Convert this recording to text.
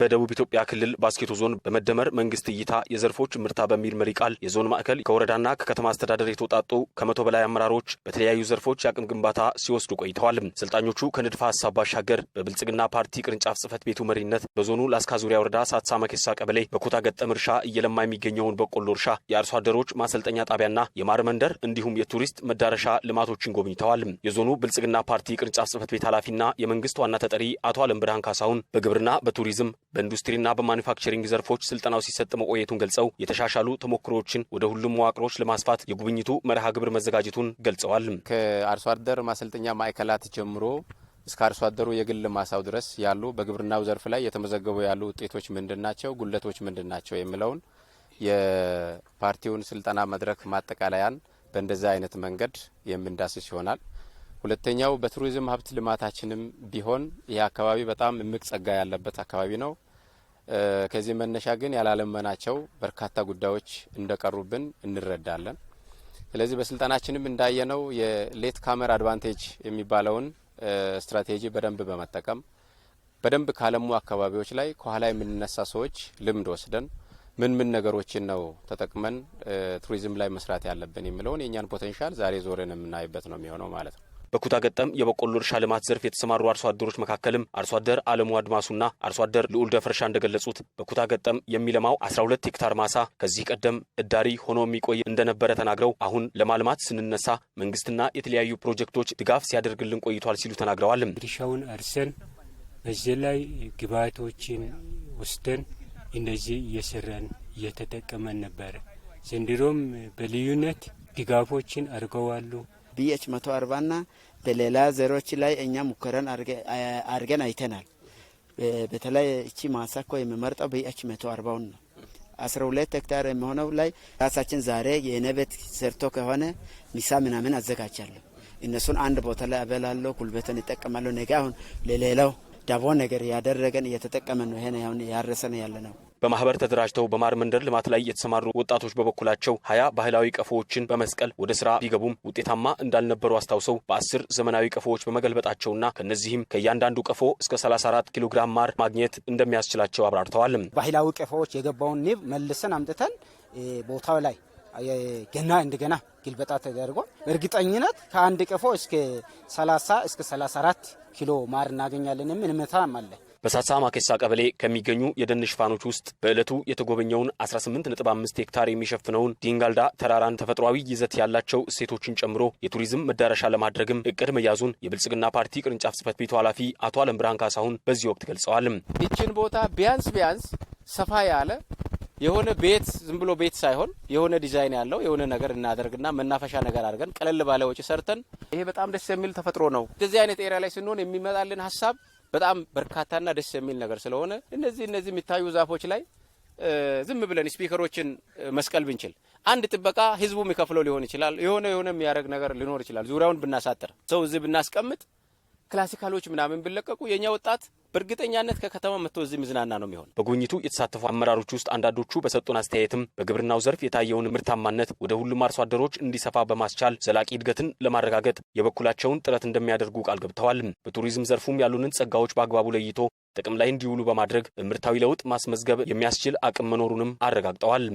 በደቡብ ኢትዮጵያ ክልል ባስኬቶ ዞን በመደመር መንግስት እይታ የዘርፎች ምርታ በሚል መሪ ቃል የዞን ማዕከል ከወረዳና ከከተማ አስተዳደር የተውጣጡ ከመቶ በላይ አመራሮች በተለያዩ ዘርፎች የአቅም ግንባታ ሲወስዱ ቆይተዋል። ሰልጣኞቹ ከንድፈ ሀሳብ ባሻገር በብልጽግና ፓርቲ ቅርንጫፍ ጽህፈት ቤቱ መሪነት በዞኑ ላስካ ዙሪያ ወረዳ ሳትሳ መኬሳ ቀበሌ በኩታ ገጠም እርሻ እየለማ የሚገኘውን በቆሎ እርሻ፣ የአርሶ አደሮች ማሰልጠኛ ጣቢያና የማር መንደር እንዲሁም የቱሪስት መዳረሻ ልማቶችን ጎብኝተዋል። የዞኑ ብልጽግና ፓርቲ ቅርንጫፍ ጽህፈት ቤት ኃላፊና የመንግስት ዋና ተጠሪ አቶ አለም ብርሃን ካሳሁን በግብርና በቱሪዝም በኢንዱስትሪና በማኒፋክቸሪንግ ዘርፎች ስልጠናው ሲሰጥ መቆየቱን ገልጸው የተሻሻሉ ተሞክሮዎችን ወደ ሁሉም መዋቅሮች ለማስፋት የጉብኝቱ መርሃ ግብር መዘጋጀቱን ገልጸዋል። ከአርሶ አደር ማሰልጠኛ ማዕከላት ጀምሮ እስከ አርሶ አደሩ የግል ማሳው ድረስ ያሉ በግብርናው ዘርፍ ላይ የተመዘገቡ ያሉ ውጤቶች ምንድን ናቸው፣ ጉለቶች ምንድን ናቸው የሚለውን የፓርቲውን ስልጠና መድረክ ማጠቃለያን በእንደዚህ አይነት መንገድ የምንዳስስ ይሆናል። ሁለተኛው በቱሪዝም ሀብት ልማታችንም ቢሆን ይህ አካባቢ በጣም እምቅ ጸጋ ያለበት አካባቢ ነው። ከዚህ መነሻ ግን ያላለመናቸው በርካታ ጉዳዮች እንደቀሩብን እንረዳለን። ስለዚህ በስልጠናችንም እንዳየነው የሌት ካመር አድቫንቴጅ የሚባለውን ስትራቴጂ በደንብ በመጠቀም በደንብ ካለሙ አካባቢዎች ላይ ከኋላ የምንነሳ ሰዎች ልምድ ወስደን ምን ምን ነገሮችን ነው ተጠቅመን ቱሪዝም ላይ መስራት ያለብን የሚለውን የእኛን ፖቴንሻል ዛሬ ዞረን የምናይበት ነው የሚሆነው ማለት ነው። በኩታ ገጠም የበቆሎ እርሻ ልማት ዘርፍ የተሰማሩ አርሶ አደሮች መካከልም አርሶ አደር አለሙ አድማሱና አርሶ አደር ልዑል ደፈርሻ እንደገለጹት በኩታ ገጠም የሚለማው 12 ሄክታር ማሳ ከዚህ ቀደም እዳሪ ሆኖ የሚቆይ እንደነበረ ተናግረው አሁን ለማልማት ስንነሳ መንግስትና የተለያዩ ፕሮጀክቶች ድጋፍ ሲያደርግልን ቆይቷል ሲሉ ተናግረዋል። እርሻውን አርሰን በዚህ ላይ ግብዓቶችን ወስደን እንደዚህ እየሰራን እየተጠቀመን ነበረ። ዘንድሮም በልዩነት ድጋፎችን አድርገዋሉ። ቢኤች መቶ አርባ ና በሌላ ዘሮች ላይ እኛ ሙከራን አድርገን አይተናል። በተለይ እቺ ማሳ እኮ የሚመርጠው ቢኤች መቶ አርባውን ነው። አስራ ሁለት ሄክታር የሚሆነው ላይ ራሳችን ዛሬ የነቤት ሰርቶ ከሆነ ሚሳ ምናምን አዘጋጃለሁ። እነሱን አንድ ቦታ ላይ አበላለሁ፣ ጉልበትን ይጠቀማለሁ። ነገ አሁን ለሌላው ዳቦ ነገር ያደረገን እየተጠቀመን ነው። ይሄን ያረሰን ያለ ነው። በማህበር ተደራጅተው በማር መንደር ልማት ላይ የተሰማሩ ወጣቶች በበኩላቸው ሀያ ባህላዊ ቀፎዎችን በመስቀል ወደ ስራ ቢገቡም ውጤታማ እንዳልነበሩ አስታውሰው በአስር ዘመናዊ ቀፎዎች በመገልበጣቸውና ከነዚህም ከእያንዳንዱ ቀፎ እስከ 34 ኪሎ ግራም ማር ማግኘት እንደሚያስችላቸው አብራርተዋል። ባህላዊ ቀፎዎች የገባውን ንብ መልሰን አምጥተን ቦታው ላይ ገና እንደገና ግልበጣ ተደርጎ እርግጠኝነት ከአንድ ቀፎ እስከ 30 እስከ 34 ኪሎ ማር እናገኛለን የሚል እምነታም አለ። በሳሳማ ኬሳ ቀበሌ ከሚገኙ የደን ሽፋኖች ውስጥ በዕለቱ የተጎበኘውን 18.5 ሄክታር የሚሸፍነውን ዲንጋልዳ ተራራን ተፈጥሯዊ ይዘት ያላቸው እሴቶችን ጨምሮ የቱሪዝም መዳረሻ ለማድረግም እቅድ መያዙን የብልጽግና ፓርቲ ቅርንጫፍ ጽህፈት ቤቱ ኃላፊ አቶ አለም ብርሃን ካሳሁን በዚህ ወቅት ገልጸዋል። ይችን ቦታ ቢያንስ ቢያንስ ሰፋ ያለ የሆነ ቤት ዝም ብሎ ቤት ሳይሆን የሆነ ዲዛይን ያለው የሆነ ነገር እናደርግና መናፈሻ ነገር አድርገን ቀለል ባለ ወጪ ሰርተን ይሄ በጣም ደስ የሚል ተፈጥሮ ነው። እንደዚህ አይነት ኤሪያ ላይ ስንሆን የሚመጣልን ሀሳብ በጣም በርካታና ደስ የሚል ነገር ስለሆነ እነዚህ እነዚህ የሚታዩ ዛፎች ላይ ዝም ብለን ስፒከሮችን መስቀል ብንችል አንድ ጥበቃ ህዝቡ የሚከፍለው ሊሆን ይችላል። የሆነ የሆነ የሚያደርግ ነገር ሊኖር ይችላል። ዙሪያውን ብናሳጥር ሰው እዚህ ብናስቀምጥ ክላሲካሎች ምናምን ብለቀቁ የእኛ ወጣት በእርግጠኛነት ከከተማ መጥቶ እዚህ ምዝናና ነው የሚሆን። በጉብኝቱ የተሳተፉ አመራሮች ውስጥ አንዳንዶቹ በሰጡን አስተያየትም በግብርናው ዘርፍ የታየውን ምርታማነት ወደ ሁሉም አርሶ አደሮች እንዲሰፋ በማስቻል ዘላቂ እድገትን ለማረጋገጥ የበኩላቸውን ጥረት እንደሚያደርጉ ቃል ገብተዋል። በቱሪዝም ዘርፉም ያሉንን ጸጋዎች በአግባቡ ለይቶ ጥቅም ላይ እንዲውሉ በማድረግ ምርታዊ ለውጥ ማስመዝገብ የሚያስችል አቅም መኖሩንም አረጋግጠዋል።